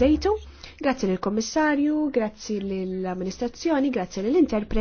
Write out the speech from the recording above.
Dejtu, grazzi lill-Kommissarju, grazzi lill-Amministrazzjoni, grazzi lill-Interpret.